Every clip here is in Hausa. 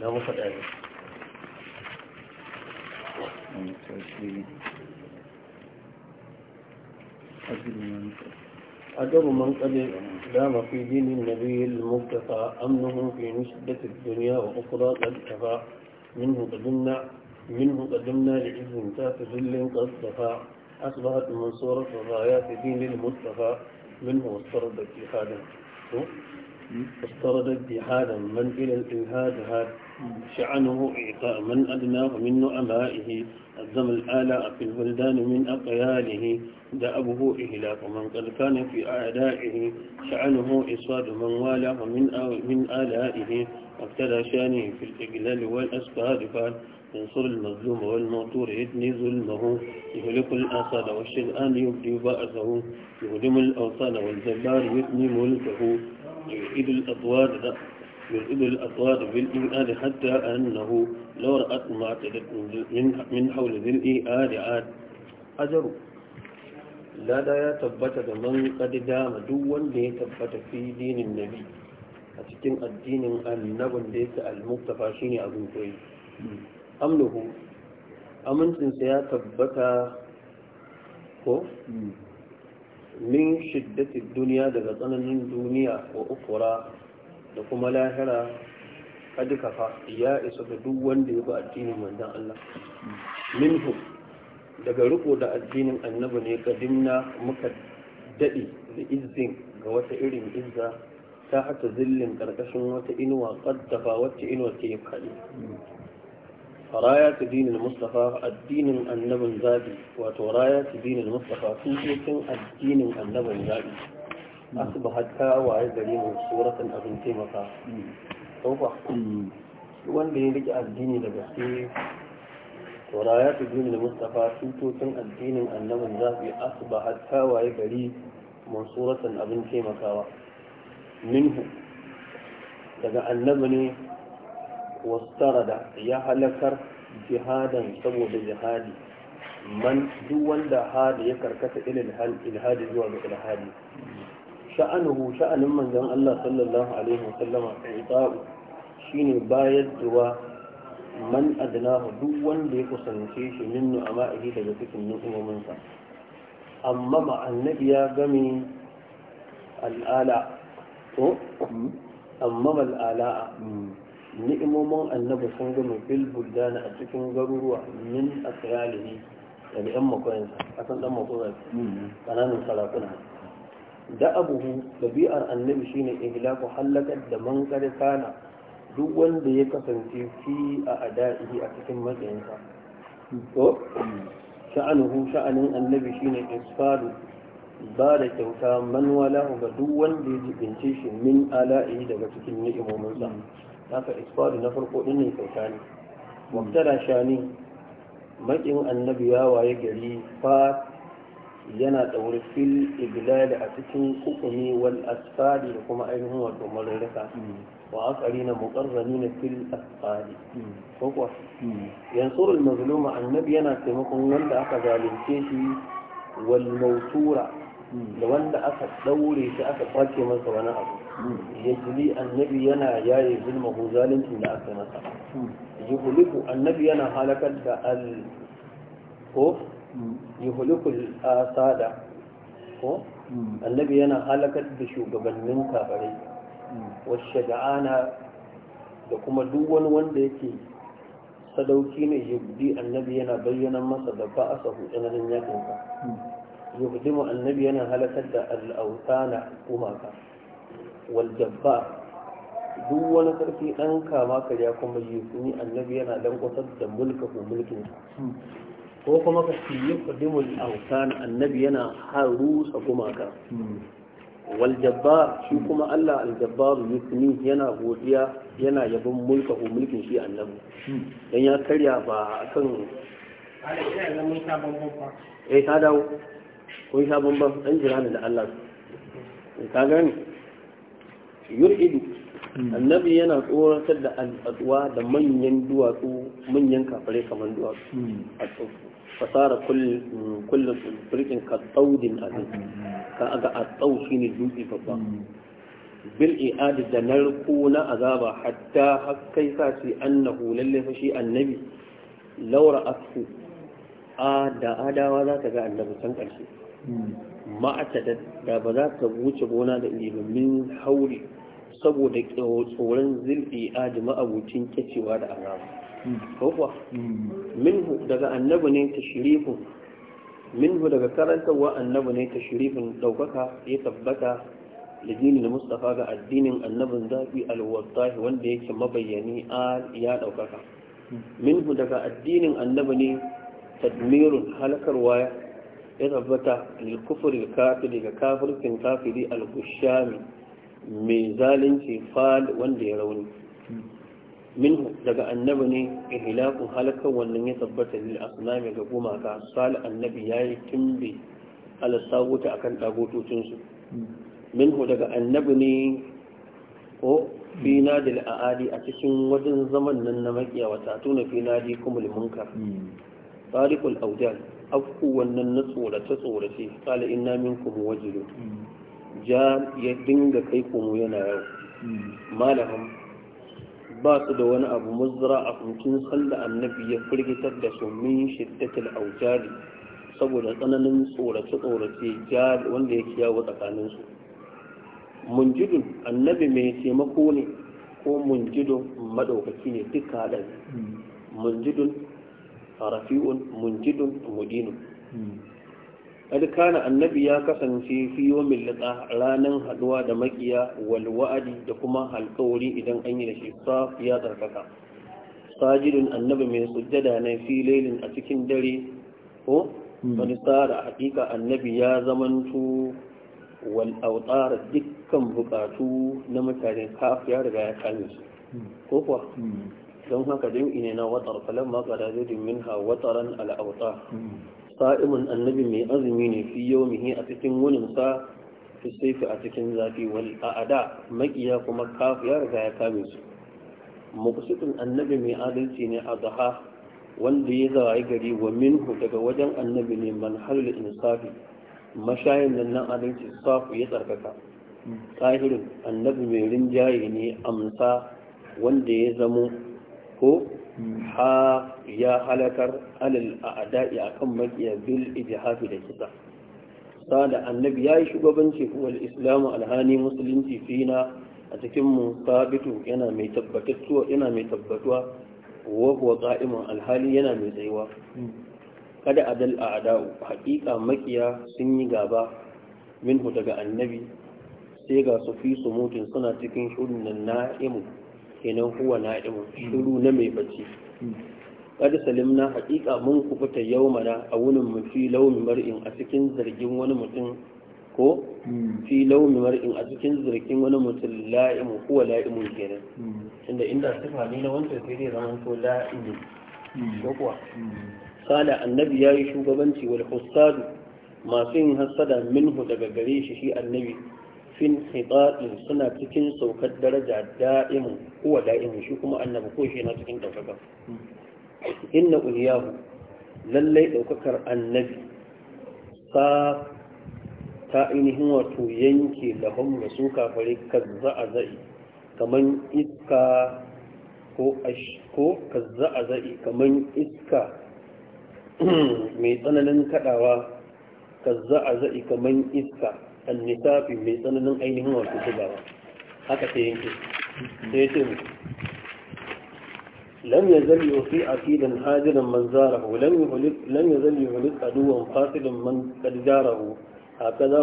لو وصل أدر من قد دام في دين النبي المرتقى أمنه في نسبة الدنيا وأخرى قد كفى منه قدمنا منه قدمنا لعز تات ذل قد صفى أصبحت منصورة رايات دين المصطفى منه واستردت جهادا اضطرد جهادا من إلى الإلهاد هاد شعنه إعطاء من أدناه من نعمائه أزم الآلاء في البلدان من أقياله دأبه إهلاك من قد كان في أعدائه شعنه إصاد من والاه من, من آلائه واقتدى شانه في الإجلال والأسفاد فان ينصر المظلوم والمغتور يدني ظلمه يهلك الآصال والشدآن يبدي بأسه يهدم الأوطان والجبار يدني ملكه يعيد الأطوار يرئد الأطوار بالإمآل حتى أنه لو رأت ما اعتدت من حول ذي الإيمان عاد أجر لا لا يا تبت من قد دام دوا لي تبت في دين النبي أتكن الدين النبي ليس المكتفى شيني أبو كويس amnuhu amincinsa ya tabbata ko hmm. min shiddatin duniya daga tsananin duniya ko ukura da kuma lahira kadikafa ya isa da duk wanda ya ba addinin manzan Allah hmm. minhu daga riko da addinin annabi ne kadimna muka daɗe da izin ga wata irin izza ta hata zillin ƙarƙashin wata inuwa ƙaddafa wacce inuwa ke yi راية دين المصطفى الدين النبي زادي وتراية دين المصطفى تنسيكم الدين النبي زادي أصبحت كاوى دليل صورة أبن تيمكا توبة وان دليل الدين لبسي ورايات الدين المصطفى تنسيكم الدين النبي زادي أصبحت كاوى دليل منصورة أبن تيمكا منه daga annabi ne wastarada ya halakar jihadan saboda jihadi man duk wanda hada ya karkata ilil ilhadi zuwa ga ilhadi sha'anuhu sha'anin manzon Allah sallallahu alaihi wasallama ita'u shine bayar da man adnahu duk wanda ya kusance shi min nu'ama'ihi daga cikin nu'umomin sa amma ma annabi ya gami al'ala to amma al'ala ni'imomin annabi sun gama bil buldana a cikin garuruwa min asralihi daga yan makoyansa kasan dan makoyansa kananan sarakuna da abuhu dabi'ar annabi shine ihlaku halakar da man kada kana duk wanda ya kasance fi a adaihi a cikin matsayinsa to sha'anuhu sha'anin annabi shine isfadu ba da kyauta man wala ga duk wanda ya jibince shi min ala'i daga cikin ni'imomin ni'imominsa haka isfaru na farko din ne kyauta ne mubtada shani makin annabi ya waye gari fa yana daure fil ibilal a cikin kukumi wal asfali da kuma ainihin wato mararraka wa akari na mukarrani na fil asfali ko kuwa mazluma annabi yana taimakon wanda aka zalunce shi wal mautura da wanda aka daure shi aka kwace masa wani abu yajli annabi yana yaye zulmahu zalunci da aka masa Yuhuliku annabi yana halakar da al ko yuhliku asada ko annabi yana halakar da shugabannin kafirai wasu da kuma duk wani wanda yake sadauki ne yubdi annabi yana bayyana masa da ba a sahu tsananin yakin ka yubdi mu annabi yana halakar da al'autana gumaka waljabbar duk wani sarki dan kama ya kuma ni, annabi yana dan kusar da mulka ko mulkin ko kuma ka fiye kudimul autan annabi yana sa gumaka wal shi kuma Allah al jabbar yusni yana godiya yana yabon mulka ko mulkin shi annabi dan ya karya ba akan eh ta dawo ko sabon bamban An jira da Allah ka gani yurhidu hmm. annabi yana tsoratar da al'adwa da manyan duwatsu manyan kafare kamar duwatsu hmm. a tsofu fasara kullum turkin ka tsaudin abin hmm, ka aga a tsau shi ne dutse babba bil i'ad da narko na azaba hatta hakkai sa ce annahu lalle fa shi annabi laura asu a da adawa za ta ga annabi can ƙarshe ma'atadar da ba za ta wuce gona da ilimin hauri saboda tsoron zilfi adi abucin kyacewa da azaba kokuwa minhu daga annabi ne ta minhu daga karantarwa annabi ne ta shirifin ɗaukaka ya tabbata da dinin mustafa ga addinin annabin zafi alwattahi wanda yake mabayyani a ya ɗaukaka minhu daga addinin annabi ne tadmirun halakarwa ya tabbata lilkufuri kafiri ga kafirkin kafiri al mai zalunci fal wanda ya rauni minhu daga annabi ne ihlakun halakan wannan ya tabbata lil asnami ga gumaka sal annabi yayi kimbi ala sawuta akan dagotocin su minhu daga annabi ne ko fi nadil aadi a cikin wajen zaman nan na makiya wata tuna fi nadi kumul munkar tariqul awdal afku wannan na tsorace tsorace kala min kuma wajilu mm. ja ya dinga kai kuma yana yau mm. malamin ba su da wani abu muzra a kuncin sallah annabi ya firgitar da su min a aujali saboda tsananin tsorace tsorace ja wanda ya kiyawo tsakanin su munjidun annabi mai taimako ne ko munjidun madaukaki ne duka haɗari mm. munjidun rafi'un munjidun mudinu قد كان النبي يا كسنسي في يوم اللقاء رانن da makiya wal wa'adi da kuma halkawari idan an yi da shi saf ya tsarkaka sajidun annabi mai sujjada na fi lailin a cikin dare ko hmm. wani tsara hakika annabi ya zamantu wal autar dukkan bukatu na mutane kaf ya riga ya kame su hmm. ko kuwa hmm. don haka jam'i ne na watar falon makara minha wataran al'auta hmm. sa'imun annabi mai azumi ne fi yau mihi a cikin wuninsa fi saifi a cikin zafi wal a'ada makiya kuma kafu ya riga ya kame su muqsitun annabi mai adalci ne a zaha wanda ya zawaye gari wa minhu daga wajen annabi ne man insafi mashayin nan nan adalci safu ya tsarkaka hmm. tsahirin annabi mai rinjaye ne amsa wanda ya zamo ko ha ya halakar alal a'da'i akan makiya bil ijhafi da kisa sada annabi yayi shugabanci wal islam alhani musulunci fina a cikin mu sabitu yana mai tabbatuwa yana mai tabbatuwa wa huwa qa'imun alhali yana mai tsayuwa kada adal a'da'u haqiqa makiya sun yi gaba minhu daga annabi sai ga su fi su mutun suna cikin shurun na'imu kenan huwa ɗin shuru na mai bacci salim na haƙiƙa mun kubuta yawmana a wunin mu fi launi mar'in a cikin zargin wani mutum ko hmm. fi launi mar'in a cikin zargin wani mutum la'imu huwa la'imu kenan inda hmm. inda sifa ne na wancan sai dai zaman to la'imu. Hmm. ko kuwa sala annabi yayi shugabanci wal hussadu masu yin hassada minhu daga gare shi shi annabi fin hidaɗin suna cikin saukar daraja da'imin kuwa da'imin shi kuma annabi ko shi na cikin ɗaukaka inna uliyahu lallai ɗaukakar annabi sa ta ainihin wato yanke lahon da su kafare kazza a za'i kamar iska ko ashko kazza a za'i kamar iska mai tsananin kaɗawa kazza a za'i kamar iska النساء في tsananin ainihin wasu bugawa haka ta yanke sai لم يزل يطيع أكيدا حاجرا من زاره لم يغلق لم يزل يغلق عدوا قاتلا من قد جاره هكذا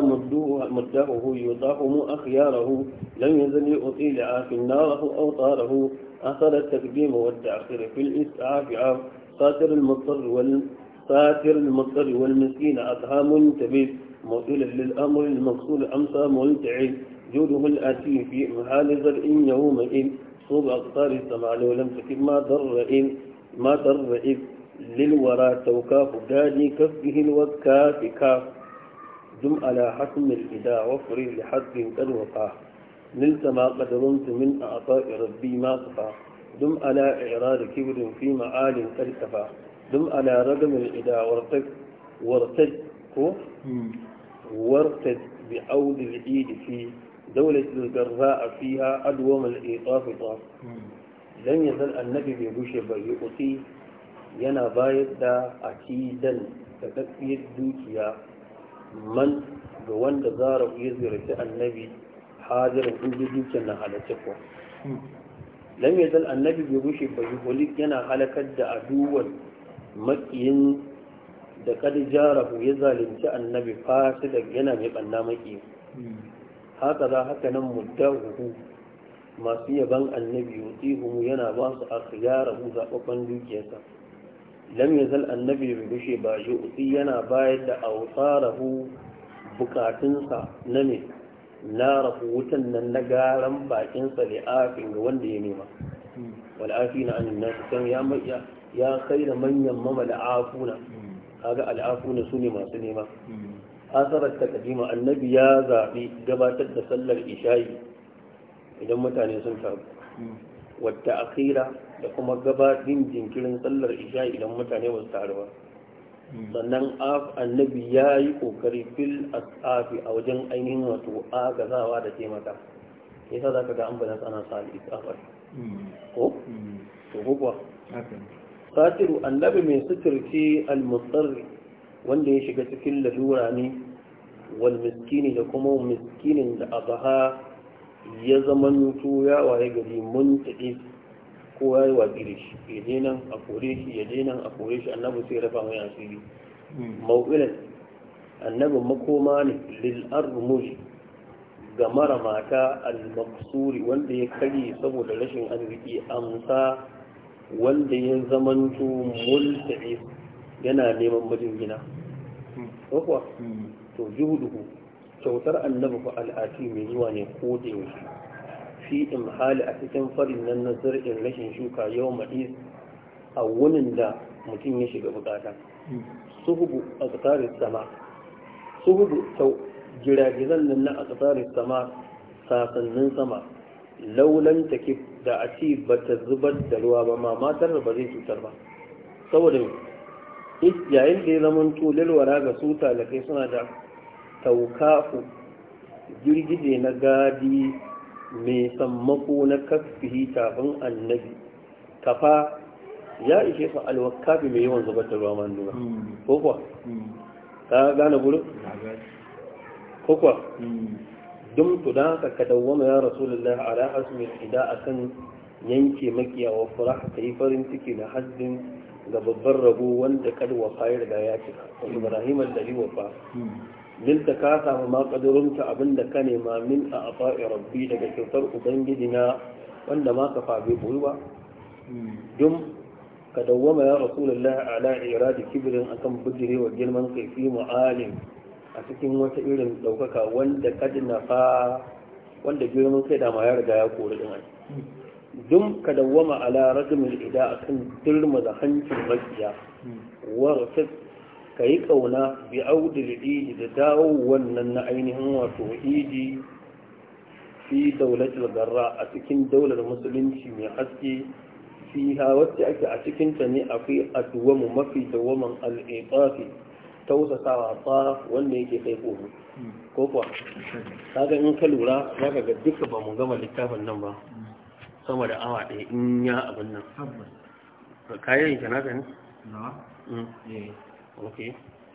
مدعه يضاهم أخياره لم يزل يؤتي لعاف ناره أو طاره أثر التقديم والتأخير في الإسعاف عاف ساتر المضطر وال ساتر المضطر والمسكين أطهام تبيب موصولا للأمر المقصود أمسى منتعل جوده الآتي في محال زرع يومئذ صوب أقطار السمع ولم تكن ما ضر إن ما ضر إذ للورى توكاف دادي كفه الوكاف كاف دم على حكم الإداء وفري لحد قد وقع نلت ما قد رمت من أعطاء ربي ما قطع دم على إعراض كبر في معال قد دم على رقم الإداء وارتج وارتج وارتد بعود العيد في دولة الجراء فيها أدوم الإيطاف طاف لن يزل النبي yana bayar da akidan da tafiyar dukiya man ga wanda zara ziyarci annabi hajjarin inda na halarci kuwa lam annabi bai bushe yana halakar da aduwar da kadi jarahu ya zalunci annabi da yana mai banna maki haka za haka nan muddahu masu yaban annabi yutihu yana ba su akhyarahu zababban dukiyarsa lam zal annabi bi bushe ba yuti yana bayar da awsarahu bukatunsa na ne na rafu wutan nan na garan bakinsa da afin ga wanda ya nema wal'afi na annin ya kai da manyan mamala afuna kaga al'afuna su ne masu nema hmm. asarar ta kadima annabi ya zaɓi gabatar da sallar isha'i idan mutane sun taru hmm. wata akhira da kuma gabatin jinkirin sallar isha'i idan mutane ba su taru ba hmm. sannan annabi ya yi ƙoƙari fil asafi a wajen ainihin wato agazawa da taimaka yasa za ka ga an bada ana sa ko? to kuwa satiru annabi mai suturci almutsar wanda ya shiga cikin lalura ne wal miskini da kuma miskinin da abaha ya zama nutu ya waye gari mun taɗe ko ya yi wa shi ya je nan a kore shi ya je nan a kore shi annabi sai rafa mai asiri hmm. annabi makoma ne lil armuji ga mara mata al maksuri wanda ya karye saboda rashin arziki amsa wanda ya zamanto multa'i yana neman majingina ko kuwa to juhuduhu kyautar annabi ko al'ati mai zuwa ne ko da yaushe fi imhali a cikin farin nan na zargin rashin shuka yau maɗi a wunin da mutum ya shiga bukata suhubu a tsakarin sama suhubu girar nan na a tsakarin sama sasannin sama laulan take da a ce ba ta zubar da ruwa ba ma matar ba zai cutar ba saboda yayin da ya zama lilwara ga su talakai suna da taukafu girgije na gadi mai sammako na kafihi tafin annabi kafa ya ishe su alwakafi mai yawan zubar da ruwa ma. nuna hmm. kokwa ta hmm. gane gurin kokwa hmm. dum to haka ka dawwama ya rasulullah ala hasmi ida akan yanke makiya wa furah farin ciki da haddin ga babban rabo wanda kad wafa ya riga ya cika ibrahim wafa lilta ka samu ma qadarunta abinda ka nema min a afa'i rabbi daga kyautar ubangiji na wanda ma ka fa bai ba dum ka dawwama ya rasulullah ala iradi kibrin akan bijirewa girman kai fi mu'alim a cikin wata irin ɗaukaka wanda na fa wanda girman kai da ma ya riga ya kori din ai dum ka dawwama ala rajmil ida akan dirma da hancin makiya wa ka yi kauna bi audil lidi da dawo wannan na ainihin wato idi fi daulatul garra a cikin daular musulunci mai haske fiha wacce ake a cikin ta ne akwai aduwamu mafi dawaman al-iqafi tausasawa tsara wanda yake kai kogo ko kuwa kaga in ka lura za ka ga duka ba mu gama littafin nan ba sama da awa ɗaya in ya abin nan kayan yi ka ne? na mm. eh. ok